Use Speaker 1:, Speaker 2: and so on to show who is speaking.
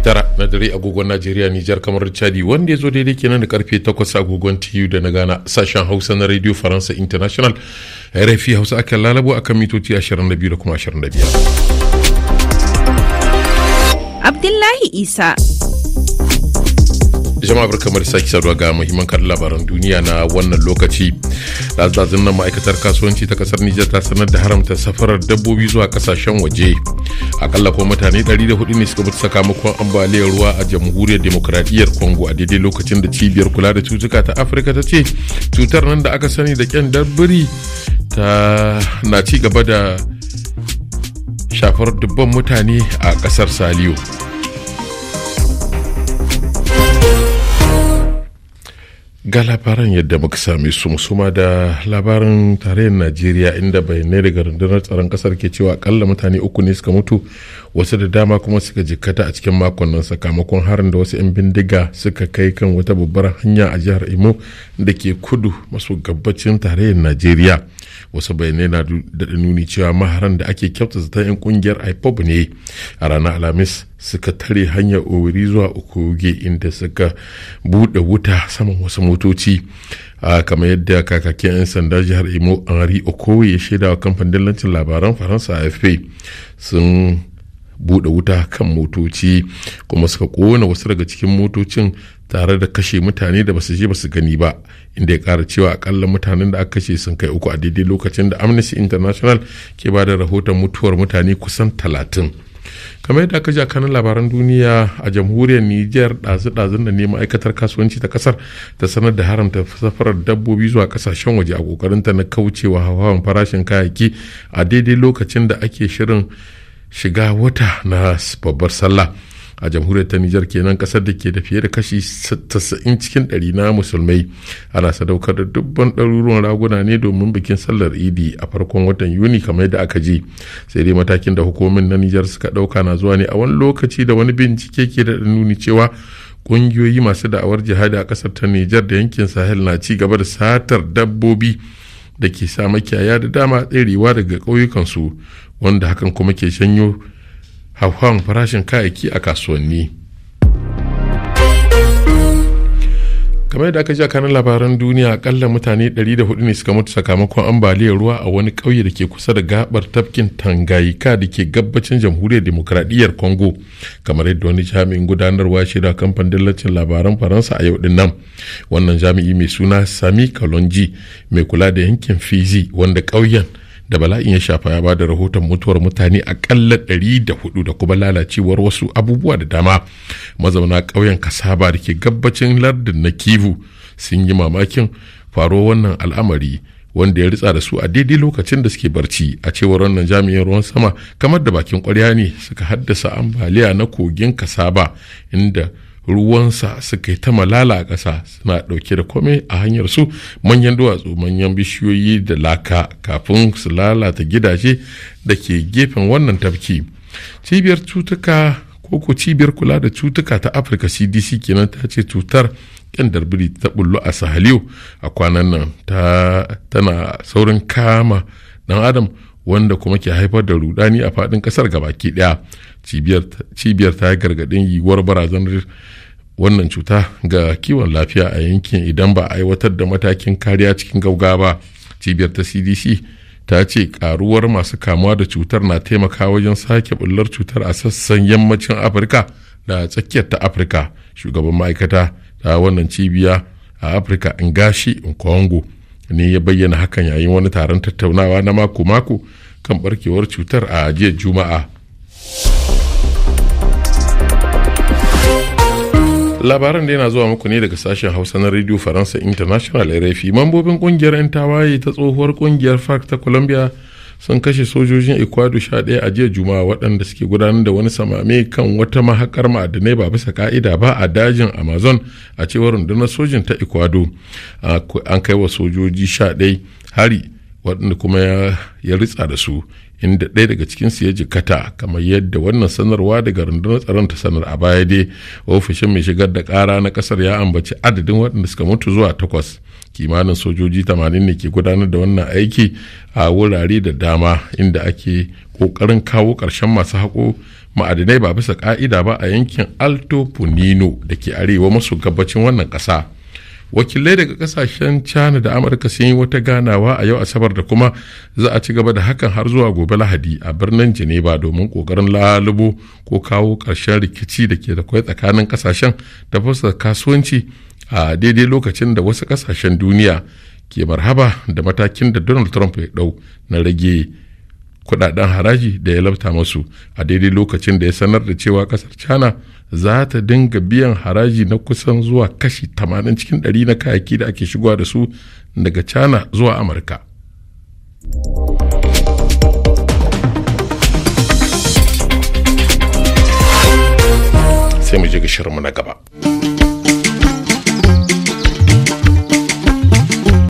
Speaker 1: karfe 9 na dare agogon Najeriya Nijar kamar Chadi wanda ya zo daidai kenan da karfe 8 agogon TU da na gana sashen Hausa na Radio Faransa International RFI Hausa aka lalabo akan mitoci 22 da kuma 25. Abdullahi Isa jama'a barkamu da sake saduwa ga muhimman kan labaran duniya na wannan lokaci lazazin nan ma'aikatar kasuwanci ta kasar nijar ta sanar da haramta safarar dabbobi zuwa kasashen waje akalla ko mutane 104 ne suka mutu sakamakon ambaliyar ruwa a jamhuriyar demokradiyyar congo a daidai lokacin da cibiyar kula da cutuka ta afirka ta ce cutar nan da aka sani da kyan dabbiri ta na ci gaba da shafar dubban mutane a kasar saliyo ga labaran yadda muka same su musuma da labarin tarayyar najeriya inda bayanai daga rundunar tsaron kasar ke cewa akalla mutane uku ne suka mutu wasu da dama kuma suka jikkata a cikin makon nan sakamakon harin da wasu 'yan bindiga suka kai kan wata babbar hanya a jihar imo da ke kudu maso gabacin tarayyar najeriya wasu bayanai na da nuni cewa maharan da ake kyauta ta 'yan kungiyar ipob ne a ranar alhamis suka tare hanyar ori zuwa okoge inda suka buɗe wuta saman wasu motoci a kamar yadda kakakin 'yan sanda jihar imo henri okowe ya shaida wa kamfanin lancin labaran faransa afp sun buɗe wuta kan motoci kuma suka kona wasu daga cikin motocin tare da kashe mutane da basu je basu gani ba inda ya kara cewa akalla mutanen da aka kashe sun kai uku a daidai lokacin da amnesty international ke ba da rahoton mutuwar mutane kusan talatin. kamar yadda aka ji a kanin labaran duniya a jamhuriyar niger ɗazu-ɗazun da ne ma'aikatar kasuwanci ta kasar ta sanar da haramta safarar dabbobi zuwa kasashen waje a ta na kaucewa hawan farashin kayayyaki a daidai lokacin da ake shirin shiga wata na babbar sallah a jamhuriyar ta nijar kenan kasar da ke da fiye da kashi 90 cikin 100 na musulmai ana sadaukar da dubban ɗaruruwan raguna ne domin bikin sallar idi a farkon watan yuni kamar da aka ji sai dai matakin da hukumomin na nijar suka ɗauka na zuwa ne a wani lokaci da wani bincike ke da nuni cewa ƙungiyoyi masu da'awar jihadi a kasar ta Nijar da yankin Sahel na ci gaba da satar dabbobi da ke sa makiyaya da dama tserewa daga su wanda hakan kuma ke shanyo hauhawan farashin kayayyaki a kasuwanni kamar da aka ji a kanan labaran duniya akalla mutane 104 ne suka mutu sakamakon ambaliyar ruwa a wani ƙauye da ke kusa da gabar tafkin tangayika da ke gabacin jamhuriyar demokradiyyar congo kamar yadda wani jami'in gudanarwa shida kamfan dillacin labaran faransa a yau din nan wannan jami'i mai suna sami kalonji mai kula da yankin fizi wanda ƙauyen da bala'in ya shafa ya bada rahoton mutuwar mutane akalla ɗari da hudu da kuma lalacewar wasu abubuwa da dama mazauna ƙauyen kasaba da ke gabbacin lardin na kivu sun yi mamakin faro wannan al'amari wanda ya ritsa da su a daidai lokacin da suke barci a cewar wannan jami'in ruwan sama kamar da bakin ƙwarya ne suka haddasa ambaliya na kogin kasaba inda ruwansa suka yi ta malala a ƙasa suna ɗauke da komai a hanyar su manyan duwatsu manyan bishiyoyi da laka kafin su lalata gidaje da ke gefen wannan tafki cibiyar cutuka ko cibiyar kula da cutuka ta afirka cdc kenan ta ce cutar kyandar biri ta bullo a sahaliyo a kwanan nan tana saurin kama dan adam wanda kuma ke haifar da rudani a faɗin ƙasar gabaki daya cibiyar ta yi gargaɗin yiwuwar barazanar wannan cuta ga kiwon lafiya a yankin idan ba a aiwatar da matakin kariya cikin gauga ba cibiyar ta cdc ta ce karuwar masu kamuwa da cutar na taimaka wajen sake bullar cutar a sassan yammacin afirka da tsakiyar ta afirka shugaban ma'aikata ta wannan cibiya a afirka in ngashi nkongo ne ya bayyana hakan yayin wani taron tattaunawa na mako-mako kan barkewar cutar a jiya juma'a labaran da yana zuwa muku ne daga sashen hausa na radio faransa international rfi mambobin kungiyar 'yan tawaye ta tsohuwar kungiyar farc ta colombia sun kashe sojojin ecuador sha ɗaya a jiya juma'a waɗanda suke gudanar da wani samame kan wata mahakar ma'adanai ba bisa ka'ida ba a dajin amazon a cewar rundunar sojin ta ecuador an kai wa sojoji sha ɗaya hari waɗanda kuma ya ritsa da su inda ɗaya daga cikinsu ya jikata kamar yadda wannan sanarwa daga rundunar tsaron ta sanar a baya dai ofishin mai shigar da ƙara na ƙasar ya ambaci adadin waɗanda suka mutu zuwa takwas kimanin sojoji 80 ne ke gudanar da wannan aiki a wurare da dama inda ake ƙoƙarin kawo ƙarshen masu haƙo ma'adinai ba bisa ƙa'ida ba a yankin alto punino da ke arewa maso gabacin wannan ƙasa. wakilai daga kasashen china da amurka sun yi wata ganawa a yau asabar da kuma za a ci gaba da hakan har zuwa gobe lahadi a birnin geneva domin kokarin lalubo ko kawo karshen rikici da ke da kwai tsakanin kasashen da fasa kasuwanci a daidai lokacin da wasu kasashen duniya ke marhaba da matakin da donald trump ya dau na rage kudaden haraji da ya labta masu a daidai lokacin da ya sanar da cewa kasar china za ta dinga biyan haraji na kusan zuwa kashi 80 cikin 100 na kayaki da ake shigowa da su daga china zuwa amurka sai mu je ga mu na gaba.